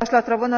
javaslatra vonatkozó